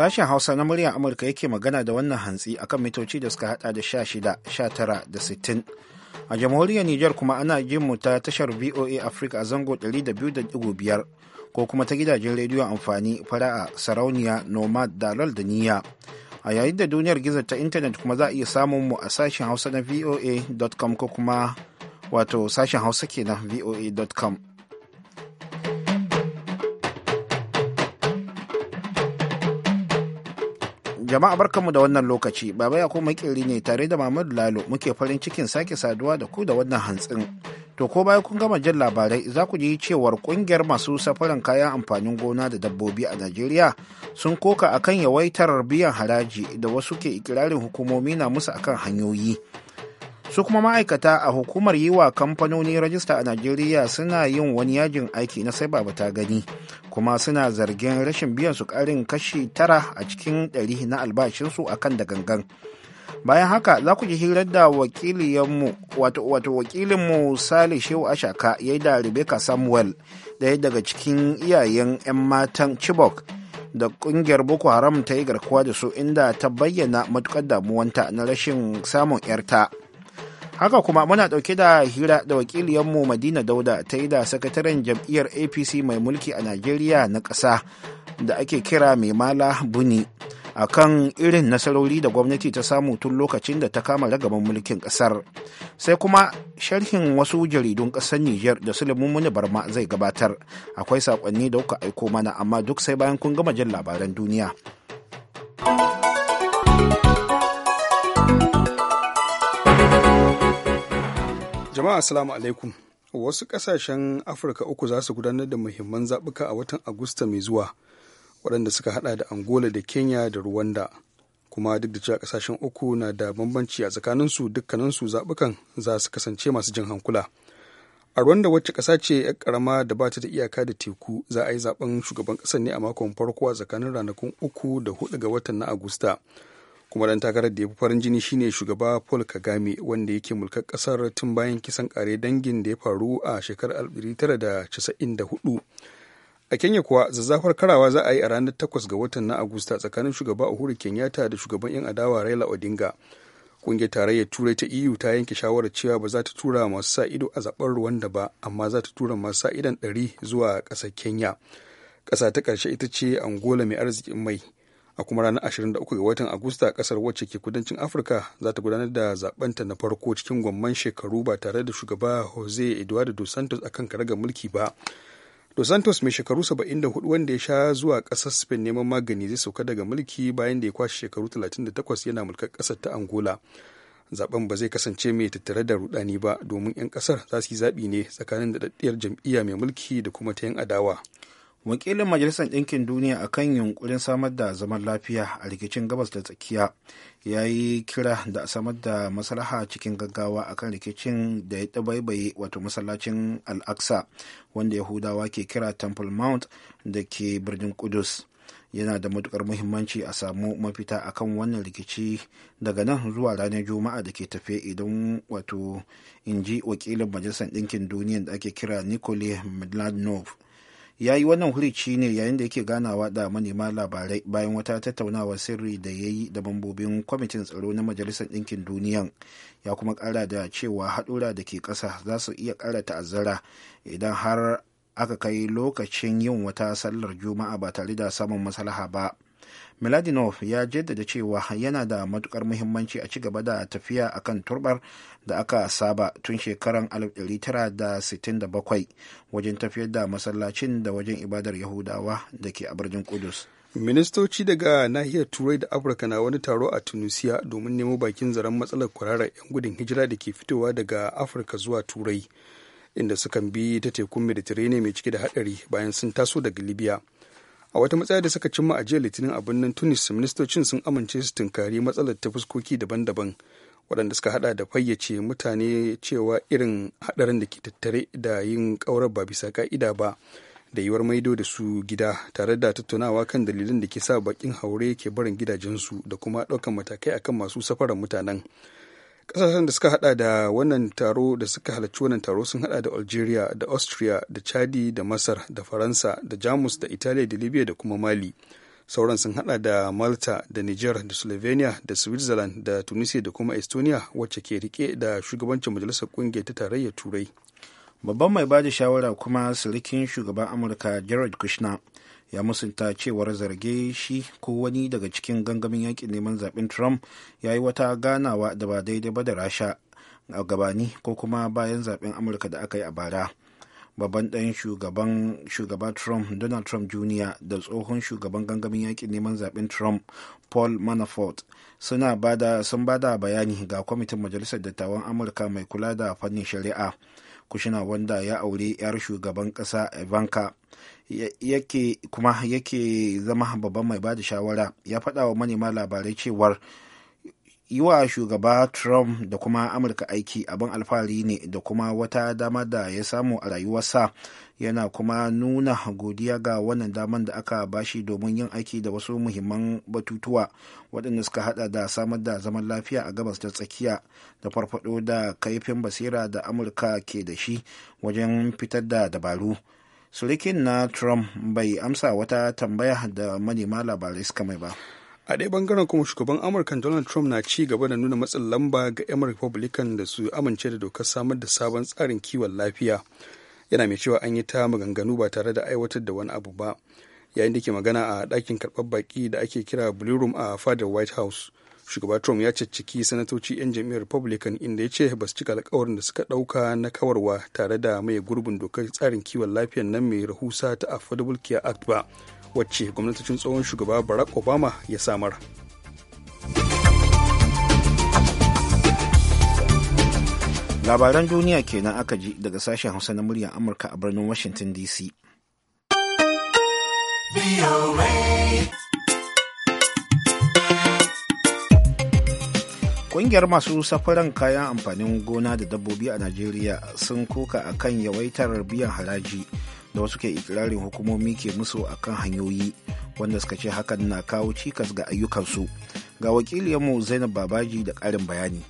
Sashen Hausa na muryar Amurka yake magana da wannan hantsi kan mitoci da suka hada da 16, tara da 60. A jamhuriyar Nijar kuma ana jin mu ta tashar VOA Africa a zango 200.5 ko kuma ta gidajen rediyon amfani fara'a sarauniya nomad dalal da niyya. A yayin da duniyar gizo ta intanet kuma za a iya samun mu a sashen hausa na voa.com ko kuma wato sashen hausa kenan voa.com Jama'a barkanmu da wannan lokaci, Baba ya kuma makiri ne tare da mamadu Lalo muke farin cikin sake saduwa da ku da wannan hantsin. To ko bayan kun gama jin labarai za ku ji cewar kungiyar masu safaran kayan amfanin gona da dabbobi a Najeriya sun koka akan yawaitar biyan haraji da wasu ke ikirarin hukumomi na musu akan hanyoyi. su kuma ma'aikata a hukumar yi wa kamfanoni rajista a najeriya suna yin wani yajin aiki na sai ba ta gani kuma suna zargin rashin biyan su karin kashi tara a cikin ɗari na albashinsu a kan da gangan bayan haka za ku ji hirar da wakiliyanmu wato wato wakilinmu sale shehu ashaka ya da rebecca samuel daya daga cikin iyayen 'yan matan chibok da kungiyar boko haram ta yi garkuwa da su inda ta bayyana matukar damuwanta na rashin samun 'yarta. haka kuma muna ɗauke da hira da wakiliyanmu madina dauda ta yi da sakataren jam'iyyar apc mai mulki a najeriya na ƙasa da ake kira mai mala buni a kan irin nasarori da gwamnati ta samu tun lokacin da ta kama ragaban mulkin ƙasar sai kuma sharhin wasu jaridun ƙasar niger da muni barma zai gabatar akwai saƙonni da kuka aiko mana amma duk sai bayan kun gama jin labaran duniya. Jama'a Assalamu alaikum. Wasu kasashen Afirka uku za su gudanar da muhimman zaɓuka a watan Agusta mai zuwa, waɗanda suka haɗa da Angola da Kenya da ruwanda Kuma duk da cewa ƙasashen uku na da bambanci a tsakaninsu dukkaninsu zaɓukan za su kasance masu jin hankula. A Rwanda wacce ƙasa ce 'yar ƙarama da ba ta da iyaka da teku za a yi zaɓen shugaban ƙasa ne a makon farko a tsakanin ranakun uku da hudu ga watan na Agusta. kuma dan takarar da ya fi farin jini shine shugaba paul kagame wanda yake mulkar kasar tun bayan kisan kare dangin da ya faru a shekarar 1994 a kenya kuwa zazzafar karawa za a yi a ranar 8 ga watan na agusta tsakanin shugaba uhuru kenyatta da shugaban yan adawa raila odinga kungiyar tarayyar turai ta eu ta yanke shawarar cewa ba za ta tura masu sa ido a zaben da ba amma za ta tura masu sa idon 100 zuwa kasar kenya ƙasa ta ƙarshe ita ce angola mai arzikin mai a kuma ranar 23 ga watan agusta kasar wacce ke kudancin afirka za ta gudanar da zabenta na farko cikin gwamman shekaru ba tare da shugaba jose eduardo dos santos akan karagar mulki ba dos santos mai shekaru 74 wanda ya sha zuwa kasar spain neman magani zai sauka daga mulki bayan da ya kwashe shekaru 38 yana mulkar kasar ta angola zaben ba zai kasance mai tattare da rudani ba domin 'yan kasar za su yi zaɓi ne tsakanin da jam'iyya mai mulki da kuma ta 'yan adawa wakilin majalisar ɗinkin duniya a kan yunkurin samar da zaman lafiya a rikicin gabas da tsakiya ya yi kira da samar da maslaha cikin gaggawa a kan rikicin da ya tabaibaye wato masallacin al'aksa wanda yahudawa ke kira temple mount da ke birnin kudus yana da matukar muhimmanci a samu mafita a kan wannan rikici daga nan zuwa ranar juma'a da ke tafe idan wato in ji wakilin majalisar ɗinkin duniya da ake kira nicole mladnov ya yi wannan hurici ne yayin da yake ganawa da manema labarai bayan wata tattaunawa sirri da ya yi da mambobin kwamitin tsaro na majalisar ɗinkin duniya ya kuma ƙara da cewa haɗura da ke ƙasa za su iya ƙara ta'azzara idan har aka kai lokacin yin wata sallar juma'a ba tare da samun maslaha ba miladinov ya jaddada cewa yana da matukar muhimmanci a ci gaba da tafiya akan turbar da aka saba tun shekaran 1967 wajen tafiyar da masallacin da wajen ibadar yahudawa da ke a birnin kudus ministoci daga nahiyar turai da afirka na wani taro a tunisia domin nemo bakin zaren matsalar kwararar 'yan gudun hijira da ke fitowa daga afirka zuwa turai inda sukan bi ta tekun mediterranean mai cike da hadari bayan sun taso daga libya a wata matsaya da suka cimma a jiya litinin a birnin tunis ministocin sun amince su tunkari matsalar ta fuskoki daban-daban waɗanda suka hada da fayyace mutane cewa irin haɗarin da ke tattare da yin ƙaurar ba bisa ka'ida ba da yiwuwar maido da su gida tare da tattaunawa kan dalilin da ke sa bakin haure ke barin gidajensu da kuma ɗaukan matakai akan masu safarar mutanen ƙasashen da suka hada da wannan taro da suka halarci wannan taro sun hada da algeria da austria da chadi da masar da faransa da jamus da italiya da libya da kuma mali sauran sun hada da malta da niger da slovenia da switzerland da tunisia da kuma estonia wacce ke rike da shugabancin majalisar kungiyar ta tarayyar turai babban mai bada shawara kuma sirikin shugaban amurka jared kushner ya musunta cewar zarge shi ko wani daga cikin gangamin yakin neman zaben trump ya yi wata ganawa da ba daidai ba da rasha a gabani ko kuma bayan zaben amurka da aka yi a bara babban ɗan shugaban shugaba trump donald trump jr da tsohon shugaban gangamin yakin neman zaɓen trump paul manafort suna bada sun bada bayani ga kwamitin majalisar dattawan amurka mai kula da fannin shari'a kushina wanda ya aure 'yar shugaban ƙasa ivanka yake kuma yake zama babban mai bada shawara ya faɗa wa manema labarai cewar yi wa shugaba trump da kuma amurka aiki abin alfahari ne da kuma wata dama da ya samu a rayuwarsa yana kuma nuna godiya ga wannan daman da aka bashi domin yin aiki da wasu muhimman batutuwa waɗanda suka hada da samar da zaman lafiya a gabas ta tsakiya da farfado da kaifin basira da amurka ke da shi wajen fitar da dabaru surikin na trump bai amsa wata tambaya da manema labarai suka mai ba a ɗaya bangaren kuma shugaban amurka donald trump na ci gaba da nuna matsin lamba ga 'yan republican da su amince da dokar samar da sabon tsarin kiwon lafiya yana mai cewa an yi ta maganganu ba tare da aiwatar da wani abu ba yayin da ke magana a ɗakin karɓar baƙi da ake kira blue room a fadar white house shugaba trump ya cicciki sanatoci 'yan jam'iyyar republican inda ya ce ba su cika alkawarin da suka ɗauka na kawarwa tare da mai gurbin dokar tsarin kiwon lafiyan nan mai rahusa ta affordable care act ba wacce gwamnatocin tsohon shugaba barack obama ya samar labaran duniya kenan aka ji daga sashen hausa na muryar amurka a birnin washington dc Ƙungiyar masu safaran kayan amfanin gona da dabbobi a Najeriya sun koka a kan yawaitar biyan haraji da wasu ke ikirarin hukumomi ke musu akan hanyoyi wanda suka ce hakan na kawo cikas ga ayyukansu ga wakiliyarmu zainab babaji da karin bayani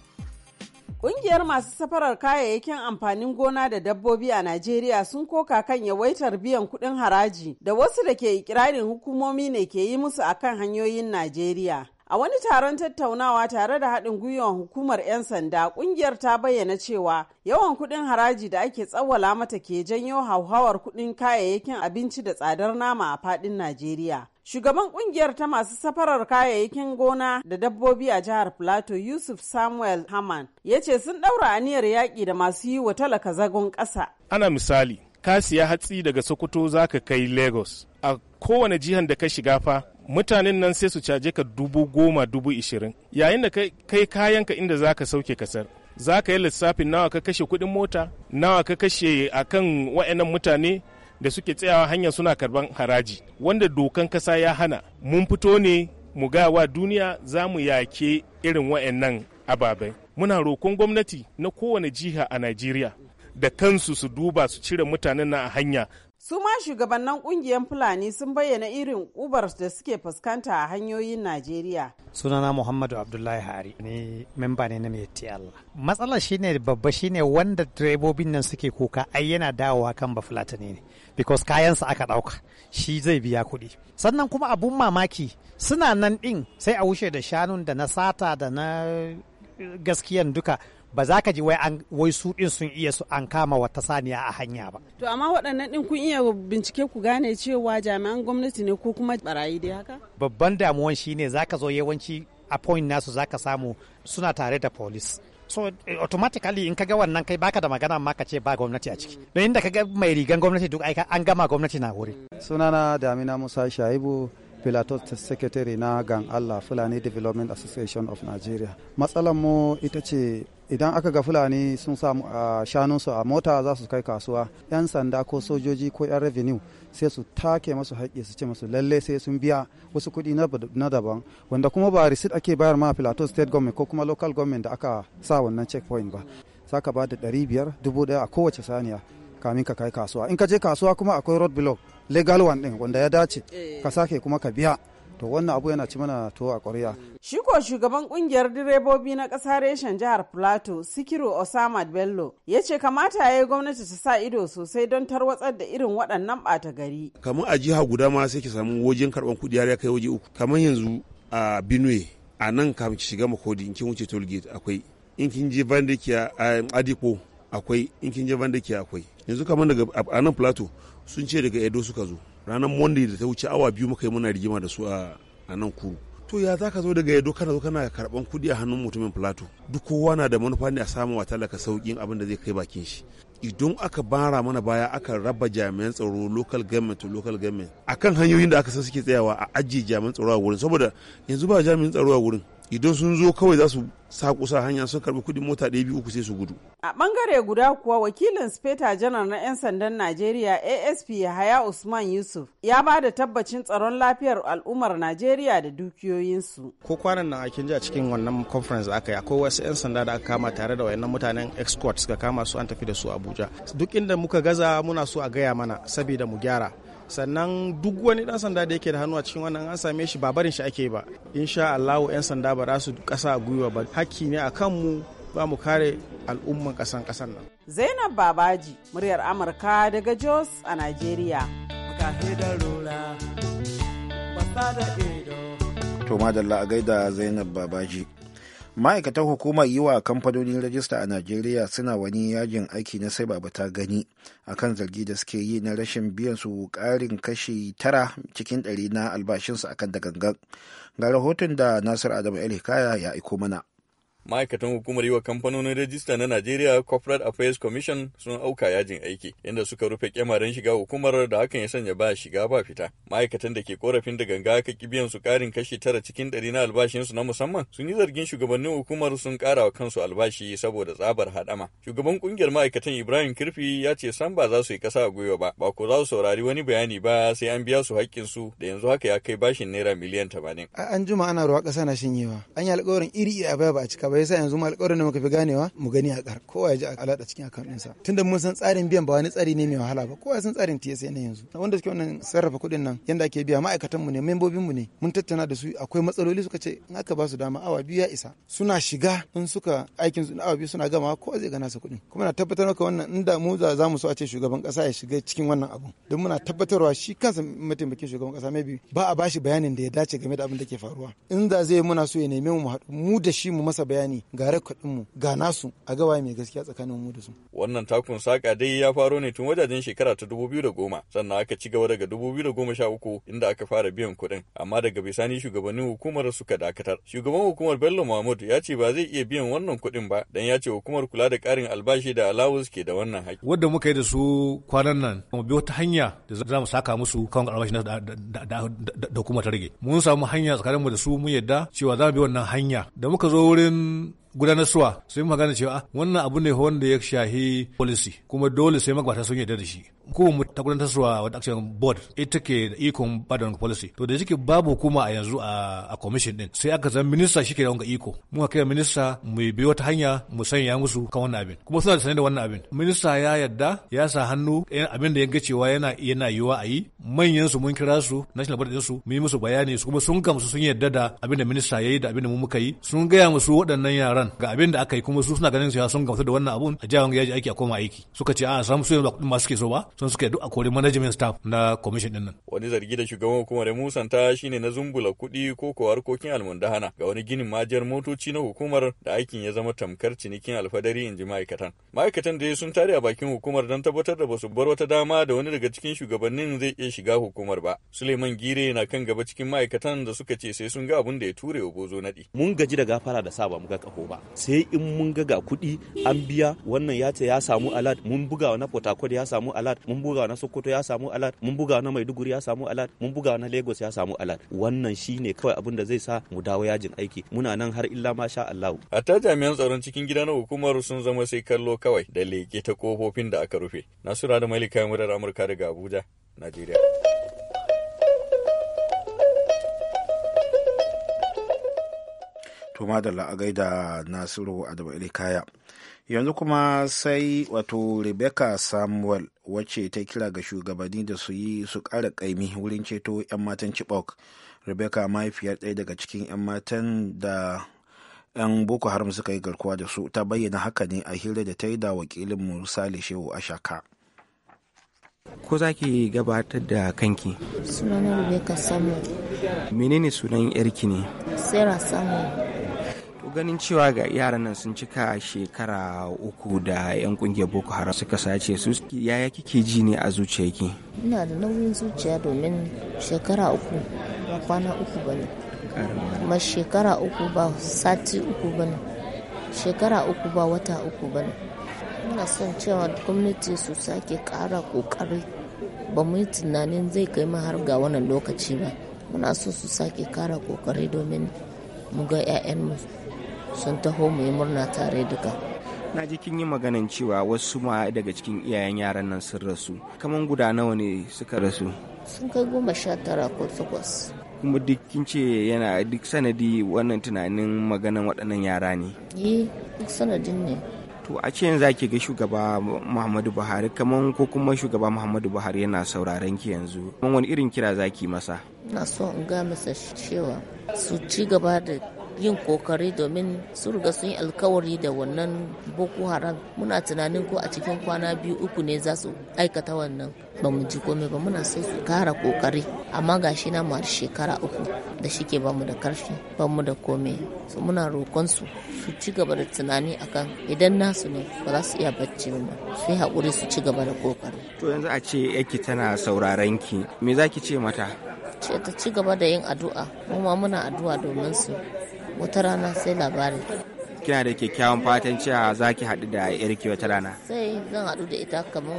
Ƙungiyar masu safarar kayayyakin amfanin gona da dabbobi a Najeriya sun koka kan yawaitar biyan kuɗin haraji da wasu da ke ikirarin hukumomi ne ke yi musu akan hanyoyin Najeriya. A wani taron tattaunawa tare da haɗin gwiwar hukumar 'yan sanda ƙungiyar ta bayyana cewa yawan kuɗin haraji da ake tsawwala mata ke janyo hauhawar kuɗin kayayyakin abinci da tsadar nama a faɗin Najeriya. Shugaban ƙungiyar ta masu safarar kayayyakin gona da dabbobi a jihar Plateau Yusuf Samuel Haman ya ce sun ɗaura aniyar yaƙi da masu yi wa talaka zagon ƙasa. Ana misali, ka siya hatsi daga Sokoto za ka kai Lagos. A kowane jihar da ka shiga fa mutanen nan sai su caje ka dubu goma dubu ishirin yayin da kai kayanka inda za ka sauke kasar za ka yi lissafin nawa ka kashe kuɗin mota nawa ka kashe a kan wa'annan mutane da suke tsayawa hanyar suna karban haraji wanda dokan kasa ya hana mun fito ne mu gawa duniya za mu yake irin wa'annan ababai muna rokon gwamnati na kowane jiha a najeriya da kansu su duba su cire mutanen na a hanya Su ma shugabannin kungiyar Fulani sun bayyana irin ubar da suke fuskanta a hanyoyin Najeriya. Sunana Muhammadu Abdullahi Hari ne memba ne na mai Allah. shine babba shine wanda direbobin nan suke kuka ai yana dawowa kan bafulatani ne because kayansa aka dauka shi zai biya kuɗi. Sannan kuma abun mamaki suna nan ɗin sai a wuce da shanun da na sata da na gaskiyan duka ba za ka ji wai an wai su din sun iya su an kama wata saniya a hanya ba to amma waɗannan din kun iya bincike ku gane cewa jami'an gwamnati ne ko kuma barayi dai haka babban damuwan shine zaka zo yawanci a point nasu zaka samu suna tare da police so eh, automatically in ga wannan kai baka da magana amma ka ce ba gwamnati a ciki don inda ga mai rigan gwamnati duk aika an gama gwamnati na wuri sunana damina musa shaibu Pilato Secretary na Gan Allah Fulani Development Association of Nigeria. Matsalar mu ita ce idan aka ga fulani sun sa shanunsu a mota za su kai kasuwa yan sanda ko sojoji ko yan revenue sai su take masu haƙƙi su ce masu lalle sai sun biya wasu kuɗi na daban wanda kuma ba receipt ake bayar ma plateau state government ko kuma local government da aka sa wannan checkpoint ba ka ba da ɗari biyar dubu ɗaya a kowace saniya kamin ka kai kasuwa in ka je kasuwa kuma akwai road block legal one ɗin wanda ya dace eh. ka sake kuma ka biya to wannan abu yana ci mana to a ƙwarya. shi ko shugaban kungiyar direbobi na ƙasa reshen jihar plateau sikiru osama bello ya ce kamata ya yi gwamnati ta sa ido sosai don tarwatsar da irin waɗannan ɓata gari kamar a jiha guda ma sai ki samu wajen karɓan kuɗi har ya kai waje uku kamar yanzu a benue a nan kafin ki shiga makodi in kin wuce toll gate akwai in kin je bandikiya a um, adiko akwai in kin je bandikiya akwai yanzu kamar daga a nan plateau sun ce daga edo suka zo ranar monday da ta wuce awa biyu muka yi muna rigima da su a nan kuru to ya za ka zo daga yado kana zo kana karban kuɗi a hannun mutumin plato duk kowa na da manufa ne a samu wa talaka sauƙin abin da zai kai bakin shi idan aka bara mana baya aka raba jami'an tsaro local government to local government akan hanyoyin da aka san suke tsayawa a ajiye jami'an tsaro a wurin saboda yanzu ba jami'an tsaro a wurin idan sun zo kawai za su sa kusa hanya sun karbi kudin mota ɗaya biyu uku sai su gudu. A bangare guda kuwa wakilin speta janar na 'yan sandan Najeriya ASP Yahaya Usman Yusuf ya ba da tabbacin tsaron lafiyar al'ummar Najeriya da dukiyoyinsu. Ko kwanan nan akin ji a cikin wannan conference da aka yi akwai wasu 'yan sanda da aka kama tare da wayannan mutanen escort suka kama su an tafi da su Abuja. Duk inda muka gaza muna so a gaya mana saboda mu gyara. sannan duk wani dan sanda da yake da hannu a cikin wannan an same shi ba barin shi ake ba insha Allah yan sanda ba za su kasa gwiwa ba hakki ne akan mu ba mu kare al'umman kasan kasan nan Zainab Babaji muryar Amurka daga Jos a Najeriya To madalla a gaida Zainab Babaji ma'aikatan hukumar yi wa kamfanonin rajista a najeriya suna wani yajin aiki na sai ba ta gani akan zargi da suke yi na rashin biyan su karin kashi tara cikin ɗari na albashinsu akan da gangan ga rahoton da nasir adamu el hikaya ya aiko mana ma'aikatan hukumar yi wa kamfanonin rajista na Najeriya Corporate Affairs Commission sun auka yajin aiki inda suka rufe kyamaren shiga hukumar da hakan ya sanya ba shiga ba fita. Ma'aikatan da ke korafin da ganga aka ki biyan su karin kashi tara cikin ɗari na albashinsu na musamman sun yi zargin shugabannin hukumar sun kara wa kansu albashi saboda tsabar haɗama. Shugaban ƙungiyar ma'aikatan Ibrahim Kirfi ya ce san ba za su yi ƙasa a gwiwa ba, ba ko za su saurari wani bayani ba sai an biya su su, da yanzu haka ya kai bashin naira miliyan 80. An juma ana ruwa ƙasa na shinyewa, an yi alƙawarin iri iri a baya ba a cika ba akwai yasa yanzu alƙawarin da muka fi ganewa mu gani a ƙar kowa ya ji alaɗa cikin akan ɗinsa tunda mun san tsarin biyan ba wani tsari ne mai wahala ba kowa san tsarin TSA ne yanzu wanda suke wannan sarrafa kuɗin nan yanda ake biya ma'aikatan mu ne membobin mu ne mun tattauna da su akwai matsaloli suka ce in aka ba su dama awa biyu ya isa suna shiga in suka aikin su awa biyu suna gamawa ko zai gana su kuɗin kuma na tabbatar maka wannan in da mu za mu so a ce shugaban ƙasa ya shiga cikin wannan abu don muna tabbatarwa shi kansa mataimakin shugaban ƙasa maybe ba a bashi bayanin da ya dace game da abin da ke faruwa in da zai muna so ya neme mu mu da shi mu masa bayani bayani ga rekodinmu ga nasu a gaba mai gaskiya tsakanin mu da su. Wannan takun saka dai ya faro ne tun wajajen shekara ta goma sannan aka ci gaba daga uku inda aka fara biyan kuɗin amma daga bisani shugabannin hukumar suka dakatar. Shugaban hukumar Bello Mahmud ya ce ba zai iya biyan wannan kuɗin ba dan ya ce hukumar kula da ƙarin albashi da alawus ke da wannan haƙƙi. Wanda muka yi da su kwanan nan mu bi wata hanya da za mu saka musu kan albashi da hukumar ta rage. Mun samu hanya tsakaninmu da su mun yadda cewa za mu bi wannan hanya da muka zo wurin gudanar suwa sai magana cewa ah, wannan abu ne wanda ya shahi policy kuma dole sai magabata sun yarda da shi ko mu ta suwa wata action board ita ke da iko badon da policy to da yake babu hukuma a yanzu a commission din sai aka zama minista shi ke da wanga iko muka kai minista mu bi wata hanya mu sanya musu kan wannan abin kuma suna da sanin da wannan abin minista ya yadda ya sa hannu eh, abin da ya cewa yana yana yiwa a yi manyan su mun kira su national board din su mu yi musu bayani su kuma sun gamsu sun yadda da abin da minista yayi da abin da mu muka yi sun gaya musu waɗannan yaran ga abin da aka yi kuma su suna ganin cewa sun gamsu da wannan abun a jawon yaji aiki a koma aiki suka ce a samu su yanzu masu ke so ba sun suka yi a kori management staff na commission din nan. Wani zargi da shugaban hukumar ya musanta shine na zumbula kuɗi ko ko harkokin almundahana ga wani ginin majiyar motoci na hukumar da aikin ya zama tamkar cinikin alfadari in ji ma'aikatan. Ma'aikatan da sun tare a bakin hukumar don tabbatar da basu bar wata dama da wani daga cikin shugabannin zai iya shiga hukumar ba. Suleiman Gire na kan gaba cikin ma'aikatan da suka ce sai sun ga abin da ya ture wa bozo naɗi. Mun gaji da gafara da sa ba mu ga ƙaho ba. Sai in mun ga ga kuɗi an biya wannan ya ce ya samu alat mun buga na Port ya samu alat mun buga na sokoto ya samu alat mun buga na maiduguri ya samu alat mun buga na lagos ya samu alat wannan shi ne kawai abin da zai sa mu dawo yajin aiki muna nan har illa ma sha a ta jami'an tsaron cikin gida na hukumar sun zama sai kallo kawai da leke ta kofofin da aka rufe nasura da malika murar amurka daga abuja najeriya to da a gaida nasiru adamu kaya yanzu kuma sai wato rebecca samuel wacce ta kira ga shugabanni da su yi su ƙara ƙaimi wurin ceto 'yan matan chibok rebecca mahaifiyar ɗaya daga cikin 'yan matan da 'yan boko haram suka yi garkuwa da su ta bayyana haka ne a hira da ta yi da wakilin musali shehu a shaka. ko za ki gabatar da kanki sunan rebecca samuel menene sunan yarki ne sarah samuel ganin cewa ga yaran nan sun cika shekara uku da 'yan kungiyar boko haram suka sace su yaya kike ji ne a zuciyarki ina da nauyin zuciya domin shekara uku ba kwana uku ba ne kuma shekara uku ba sati uku ba ne shekara uku ba wata uku ba ne ina son cewa gwamnati su sake kara kokari ba mu yi tunanin zai kai mu har ga wannan lokaci ba muna so su sake kara kokari domin mu ga 'ya'yanmu sun taho mu yi murna tare duka na ji kin yi maganan cewa wasu ma daga cikin iyayen yaran nan sun rasu kaman guda nawa ne suka rasu sun kai goma sha tara ko takwas kuma duk kin ce yana duk sanadi wannan tunanin maganan waɗannan yara ne Yi duk sanadin ne to a ce yanzu ake ga shugaba muhammadu buhari kaman ko kuma shugaba muhammadu buhari yana sauraron ki yanzu Kuma wani irin kira zaki masa na so in ga masa cewa su ci gaba da yin kokari domin su riga sun yi alkawari da wannan boko haram muna tunanin ko a cikin kwana biyu uku ne za su aikata wannan ba mu ji komai ba muna so su kara kokari amma gashi na mu shekara uku da shike ba mu da karfi ba mu da komai su muna roƙon su su ci gaba da tunani akan idan nasu ne ba za su iya bacci ba sai hakuri su ci gaba da kokari to yanzu a ce yake tana sauraron ki me zaki ce mata ce ta ci gaba da yin addu'a mu ma muna addu'a domin su wata rana sai labari kina da kyakkyawan fatan cewa za ki haɗu da yarki wata rana sai zan haɗu da ita kamar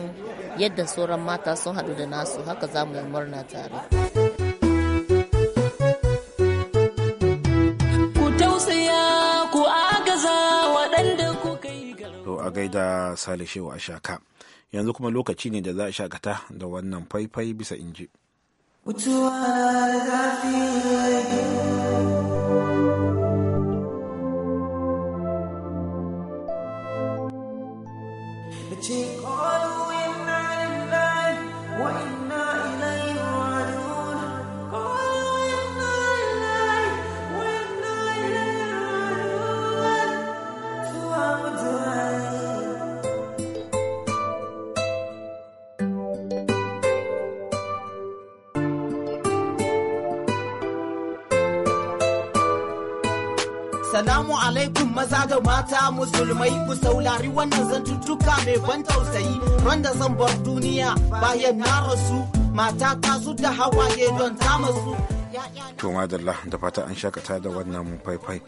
yadda sauran mata sun haɗu da nasu haka za mu yi murna tare ku tausaya ku to a gaida shehu a shaka yanzu kuma lokaci ne da za a shakata da wannan faifai bisa inji. Mutuwa na da chico. Salamu alaikum maza da mata musulmai ku saulari wannan zantuttuka mai ban tausayi ran zan bar duniya bayan na rasu mata ta su da hawaye don ta masu. To madalla da fata an shakata da wannan faifai.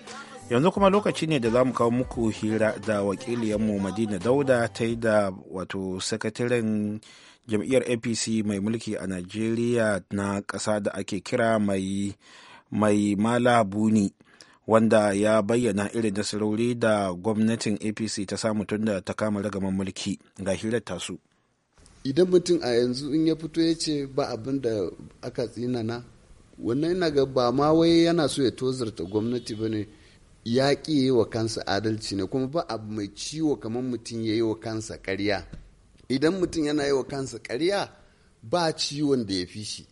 Yanzu kuma lokaci ne da za mu kawo muku hira da wakiliyanmu Madina Dauda ta yi da wato sakataren jam'iyyar APC mai mulki a Najeriya na ƙasa da ake kira mai mai mala buni wanda ya bayyana irin nasarori da gwamnatin apc ta samu tun da ta kama ragaman mulki ga hirar tasu idan mutum a yanzu in ya fito ya ce ba abin da aka tsinana wannan yana ga ba ma wai yana so ya tozarta gwamnati ba ne ya ƙi yi wa kansa adalci ne kuma ba abu mai ciwo kamar mutum ya yi wa kansa ƙarya idan mutum yana yi wa kansa ƙarya ba ciwon da ya fi shi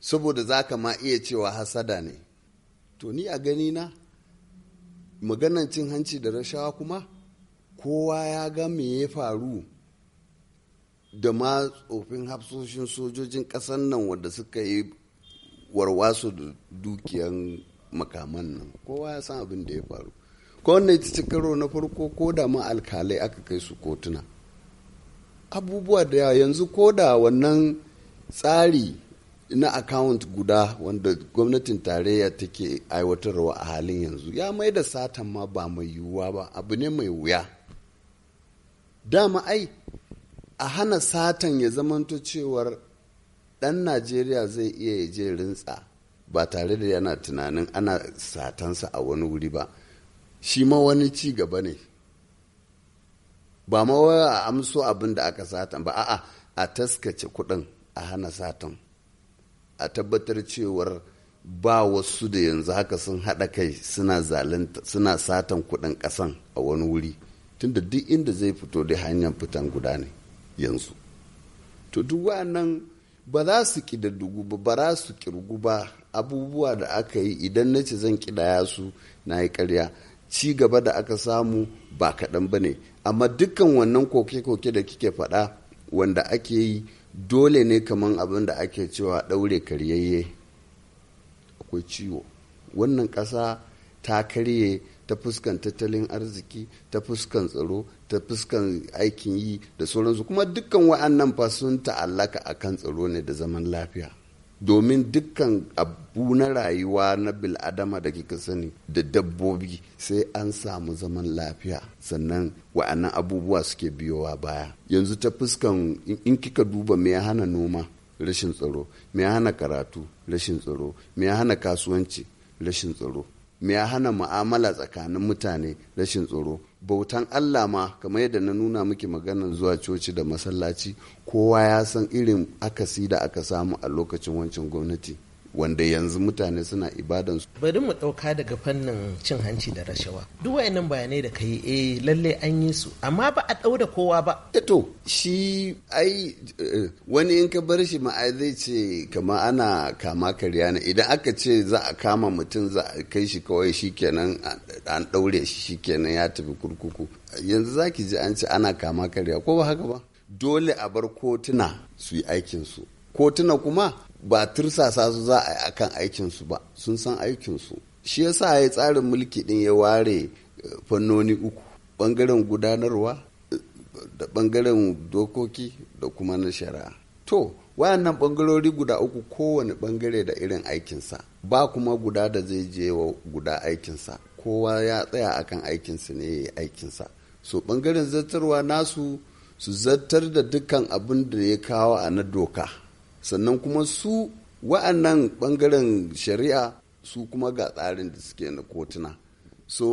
saboda za ka ma iya cewa hasada ne to ni a gani na maganan cin hanci da rashawa kuma kowa ya ga me ya faru da ma tsofin hafsoshin sojojin ƙasar nan wadda suka yi warwaso da dukiyan makaman nan kowa ya san abin da ya faru ko wannan ita ci karo na farko ko da ma alkalai aka kai su kotuna abubuwa da yanzu ko da wannan tsari na account guda wanda gwamnatin tarayya take aiwatarwa a halin yanzu ya mai da satan ma ba mai yiwuwa ba abu ne mai wuya dama ai a hana satan ya zamanto cewar ɗan najeriya zai iya ya je rintsa ba tare da yana tunanin ana satansa a wani wuri ba shi ma wani ci gaba ne ba ma a amso abin da aka satan ba a'a a taskace kuɗin a hana satan a tabbatar cewar ba wasu da yanzu haka sun haɗa kai suna zalunta satan kuɗin ƙasan a wani wuri tunda duk inda zai fito da hanyar fitan guda ne yanzu to duk ba za su ƙidaddugu ba ba za su ƙirgu ba abubuwa da aka yi idan na ce zan ƙidaya su na yi ƙarya ci gaba da aka samu ba kaɗan ba ne amma dukkan wannan koke-koke da kike faɗa wanda ake yi dole ne kaman abin da ake cewa ɗaure karyayye akwai ciwo wannan ƙasa ta karye ta fuskan tattalin arziki ta fuskan tsaro ta fuskan aikin yi da sauransu kuma dukkan wa'annan fa sun ta'allaka a kan tsaro ne da zaman lafiya domin dukkan abu na rayuwa na bil'adama da kika sani da dabbobi sai an samu zaman lafiya sannan wa'annan abubuwa suke biyowa baya yanzu ta fuskan in kika duba mai hana noma rashin tsaro mai hana karatu rashin tsaro mai hana kasuwanci rashin tsaro me ya hana mu'amala tsakanin mutane rashin tsoro bautan Allah ma kamar yadda na nuna miki maganar zuwa coci da masallaci kowa ya san irin akasi da aka samu a lokacin wancan gwamnati wanda yanzu mutane suna ibadan su. Bari mu ɗauka daga fannin cin hanci da rashawa. Duk wayannan bayanai da kai eh lalle an yi su amma ba a ɗauda kowa ba. Eto eh shi ai eh, wani in ka bar shi ma ai zai ce kama ana kama karya ne idan aka ce za a kama mutum za a kai shi kawai shikenan an ɗaure shi shikenan ya tafi kurkuku. Yanzu zaki ki ji an ce ana kama karya ko ba haka ba. Dole a bar kotuna su yi aikinsu. Kotuna kuma ba tursasa su za a yi akan aikinsu ba sun san aikinsu shi yasa ya tsarin mulki din ya ware eh, fannoni uku bangaren gudanarwa da bangaren dokoki da kuma na shari'a to wayannan bangarori guda uku kowane bangare da irin aikinsa ba kuma guda da zai je wa guda aikinsa kowa ya tsaya akan aikinsa ne ya yi aikinsa so bangaren zartarwa nasu su zartar da dukkan abin da ya kawo a na doka sannan kuma su wa'annan ɓangaren shari'a su kuma ga tsarin da suke na kotuna so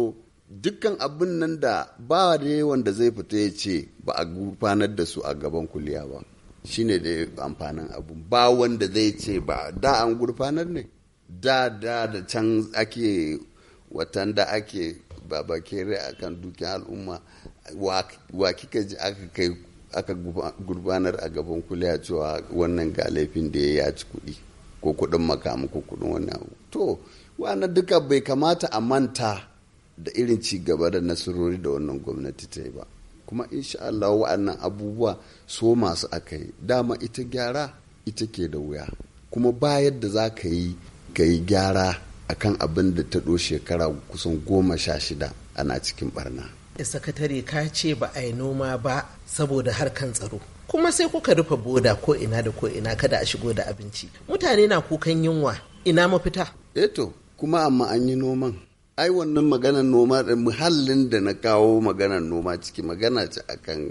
dukkan abin nan da ba da wanda zai fita ya ce ba a gurfanar da su a gaban kuliya ba shine da amfanin abu ba wanda zai ce ba da an gurfanar ne da da da can ake watan da ake babakere a kan dukiyar al'umma wa kika ji aka kai aka gurbanar a gaban kuliya cewa wannan ga laifin da ya yi a ci kuɗi ko kuɗin makamu ko kuɗin wani abu to wannan duka bai kamata a manta da irin ci gaba da nasarori da wannan gwamnati ta yi ba kuma insha Allah wa'annan abubuwa so masu aka yi dama ita gyara ita ke da wuya kuma bayar da za ka yi ka yi gyara akan abin da ta ɗo shekara kusan goma sha shida ana cikin barna sakatare ka ce ba a yi noma ba saboda harkan tsaro kuma sai kuka rufe boda ko ina da ko ina kada a shigo da abinci mutane na kukan yunwa ina mafita eto eh kuma amma an yi noman ai wannan maganar noma da muhallin da na kawo maganar noma ciki magana ce akan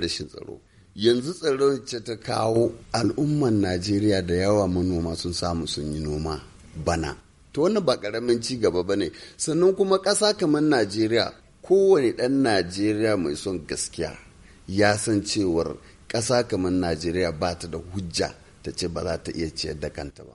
rashin tsaro yanzu tsaro ce ta kawo al'umman najeriya da yawa manoma sun samu sun yi noma bana to wannan ba karamin ci gaba bane sannan kuma ƙasa kamar najeriya kowane ɗan najeriya mai son gaskiya ya san cewar ƙasa kamar najeriya ba ta da hujja ta ce ba za ta iya ciyar da kanta ba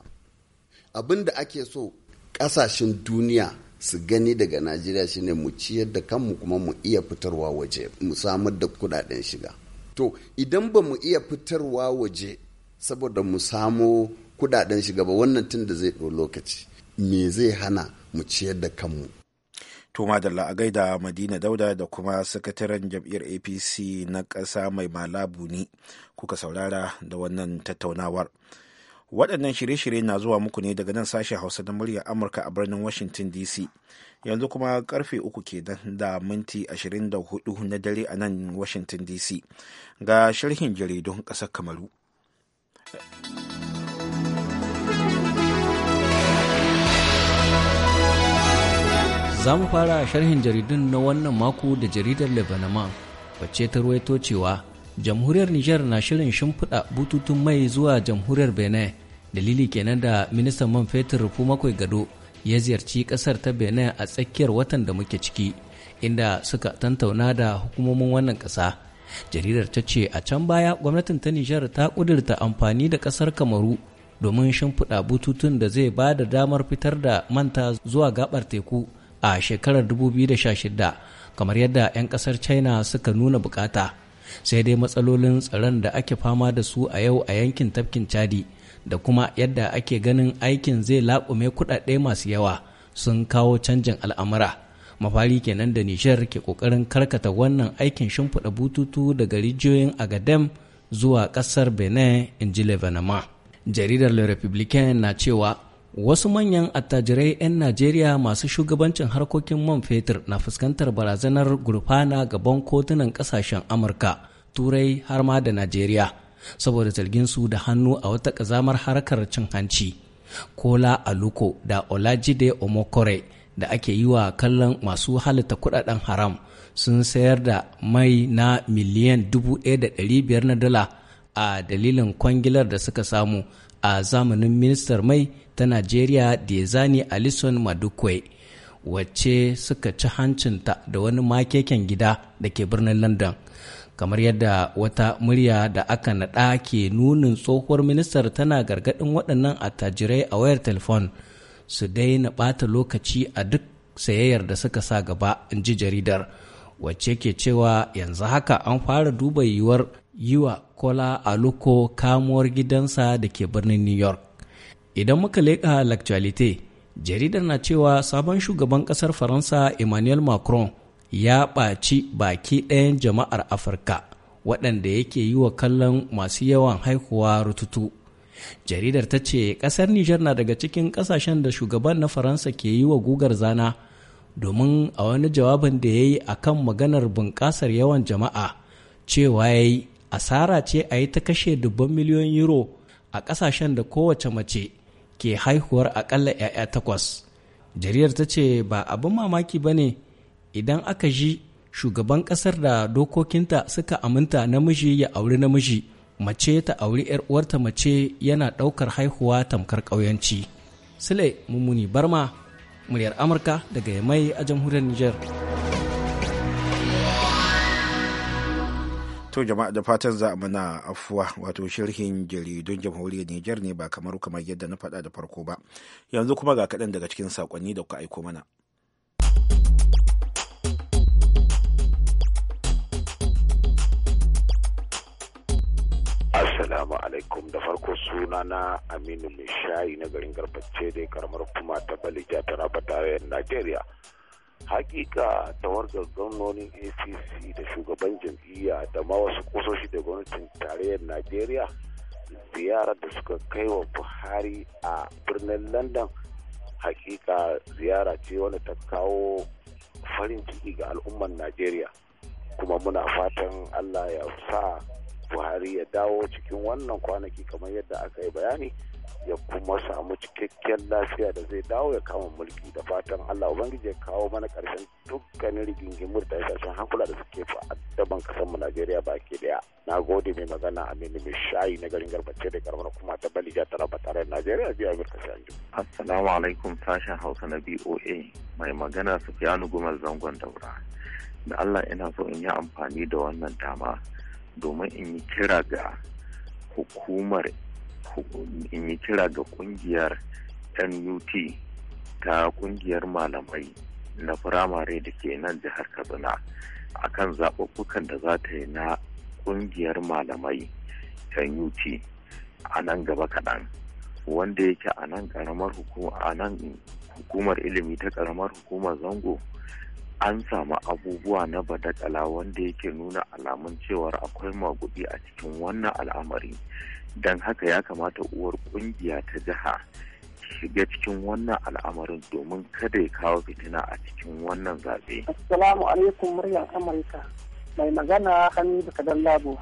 abin da ake so ƙasashen duniya su gani daga najeriya shine mu ciyar da kanmu kuma mu iya fitarwa waje mu samar da kudaden shiga to idan ba mu iya fitarwa waje saboda mu samo kudaden shiga ba wannan tun da zai ɗau lokaci me zai hana mu ciyar da kanmu to Dalla a gaida madina dauda da kuma sakataren jam'iyyar apc na ƙasa mai malabu ne kuka saurara da wannan tattaunawar waɗannan shirye-shirye na zuwa muku ne daga nan sashen hausa na muryar amurka a birnin washington dc yanzu kuma karfe uku kenan da minti 24 na dare a nan washington dc ga sharhin jaridun ƙasar kamaru za mu fara sharhin jaridun na wannan mako da jaridar lebanon wacce ta ruwaito cewa jamhuriyar niger na shirin shimfiɗa bututun mai zuwa jamhuriyar benin dalili kenan da ministan man fetur rufu makwai gado ya ziyarci ƙasar ta benin a tsakiyar watan da muke ciki inda suka tantauna da hukumomin wannan ƙasa jaridar ta ce a can baya gwamnatin ta niger ta ƙudurta amfani da ƙasar kamaru domin shimfiɗa bututun da zai ba da damar fitar da manta zuwa gaɓar teku a shekarar 2016 kamar yadda 'yan kasar china suka nuna bukata sai dai matsalolin tsaron da ake fama da su a yau a yankin tafkin chadi da kuma yadda ake ganin aikin zai laƙume kuɗaɗe masu yawa sun kawo canjin al'amura mafari kenan da nishar ke ƙoƙarin karkata wannan aikin shimfiɗa bututu daga rijiyoyin agadem zuwa ƙasar benin in ji jaridar le republican na cewa Wasu manyan attajirai 'yan Najeriya masu shugabancin harkokin man fetur na fuskantar barazanar gurfana gaban kotunan kasashen Amurka, Turai har ma da Najeriya, saboda zargin su da hannu a wata ƙazamar harkar cin hanci. Kola Aluko da Olajide Omokore da ake yi wa kallon masu halitta kudaden haram sun sayar da mai na miliyan 1,500 na dala a dalilin kwangilar da suka samu a zamanin ministar mai ta najeriya dezani alison madukwe wacce suka ci hancinta da wani makeken gida da ke birnin london kamar yadda wata murya da aka naɗa ke nunin tsohuwar ministar tana gargaɗin waɗannan attajirai a wayar telefon su daina ɓata lokaci a duk sayayyar da suka sa gaba in ji jaridar wacce ke cewa yanzu haka an fara duba yiwuwar yiwa a Aluko kamuwar gidansa da ke birnin New York. Idan muka leƙa l'actualité, jaridar na cewa sabon shugaban ƙasar Faransa Emmanuel Macron ya ɓaci baki ɗayan jama'ar Afirka waɗanda yake yi wa kallon masu yawan haihuwa rututu. Jaridar ta ce ƙasar Nijar na daga cikin ƙasashen da shugaban na Faransa ke yi wa gugar zana domin a wani jawabin da ya yi a kan maganar bunƙasar yawan jama'a cewa ya yi asara ce a yi ta kashe dubban miliyoyin euro a ƙasashen da kowace mace ke haihuwar aƙalla 'ya'ya takwas jariyar ta ce ba abin mamaki ba ne idan aka ji shugaban ƙasar da dokokinta suka aminta namiji ya auri namiji mace ta auri 'yar uwarta mace yana ɗaukar haihuwa tamkar ƙauyanci sule mummuni barma muryar amurka daga mai a jamhuriyar niger to jama'a da fatan za a mana afuwa wato shirhin jaridun jamhuriyar niger ne ba kamar kamar yadda na faɗa da farko ba yanzu kuma ga kaɗan daga cikin sakonni da kuka aiko mana Assalamu alaikum da farko suna na Aminu Mishayi na garin garbacce da karamar kuma ta Balija ta Rabatarayen Najeriya. hakika tamar gwamnonin a.c.c da shugaban jam'iyya da ma wasu kusoshi da gwamnatin tarayyar najeriya ziyarar da suka kai wa buhari a birnin london hakika ziyara ce wanda ta kawo farin ciki ga al'umman najeriya kuma muna fatan allah ya sa buhari ya dawo cikin wannan kwanaki kamar yadda aka yi bayani ya kuma samu cikakken lafiya da zai dawo ya kama mulki da fatan Allah Ubangiji ya kawo mana karshen dukkanin rigingimur da yasashen hankula da suke fa'addaban kasar mu Najeriya baki ɗaya. Na gode mai magana Aminu mai shayi na garin garbace da karamar kuma ta Balija tara ba tare Najeriya biya Amurka sai anjima. Assalamu alaikum sashen Hausa na BOA mai magana Sufiyanu Gumal Zangon Daura. Da Allah ina so in yi amfani da wannan dama domin in yi kira ga hukumar in yi kira ga kungiyar nut ta kungiyar malamai na firamare da ke nan jihar kaduna, a kan zaɓuɓɓukan da za ta yi na kungiyar malamai nut a nan gaba kaɗan wanda yake a nan hukumar ilimi ta ƙaramar hukumar zango an samu abubuwa na badakala wanda yake nuna alamun cewar akwai magudi a cikin wannan al'amari don haka ya kamata uwar kungiya ta jiha shiga cikin wannan al'amarin domin kada ya kawo fitina a cikin wannan zaɓe. Assalamu alaikum muryar Amurka mai magana Hamidu Kadan Labo,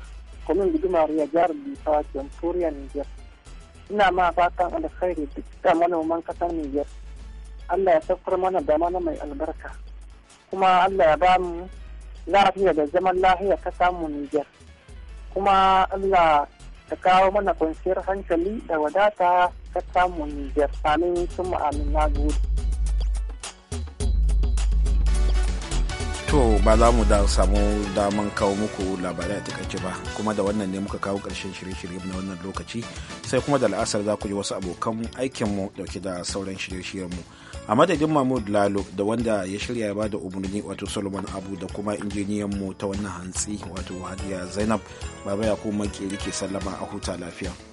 kwamin gudumar ya jihar Bisawa Jamhuriyar Nijar. Ina ma fatan alkhairi duk da manoman kasar Nijar. Allah ya saukar mana da mana mai albarka. Kuma Allah ya ba mu lafiya da zaman lahiya ta samu Nijar. Kuma Allah ta kawo mana kwanciyar hankali da wadata ta samun Nijar. Amin sun ma'amin na To ba za mu samu daman kawo muku labarai a takaice ba kuma da wannan ne muka kawo ƙarshen shirye-shirye na wannan lokaci sai kuma da la'asar za ku ji wasu abokan aikinmu dauke da sauran shirye-shiryenmu. mu. a madadin mahmud lalo da wanda ya shirya ya bada umarni wato solomon abu da kuma injiniyan mu ta wannan hantsi wato hadiya zainab baba ya kuma ke sallama a huta lafiya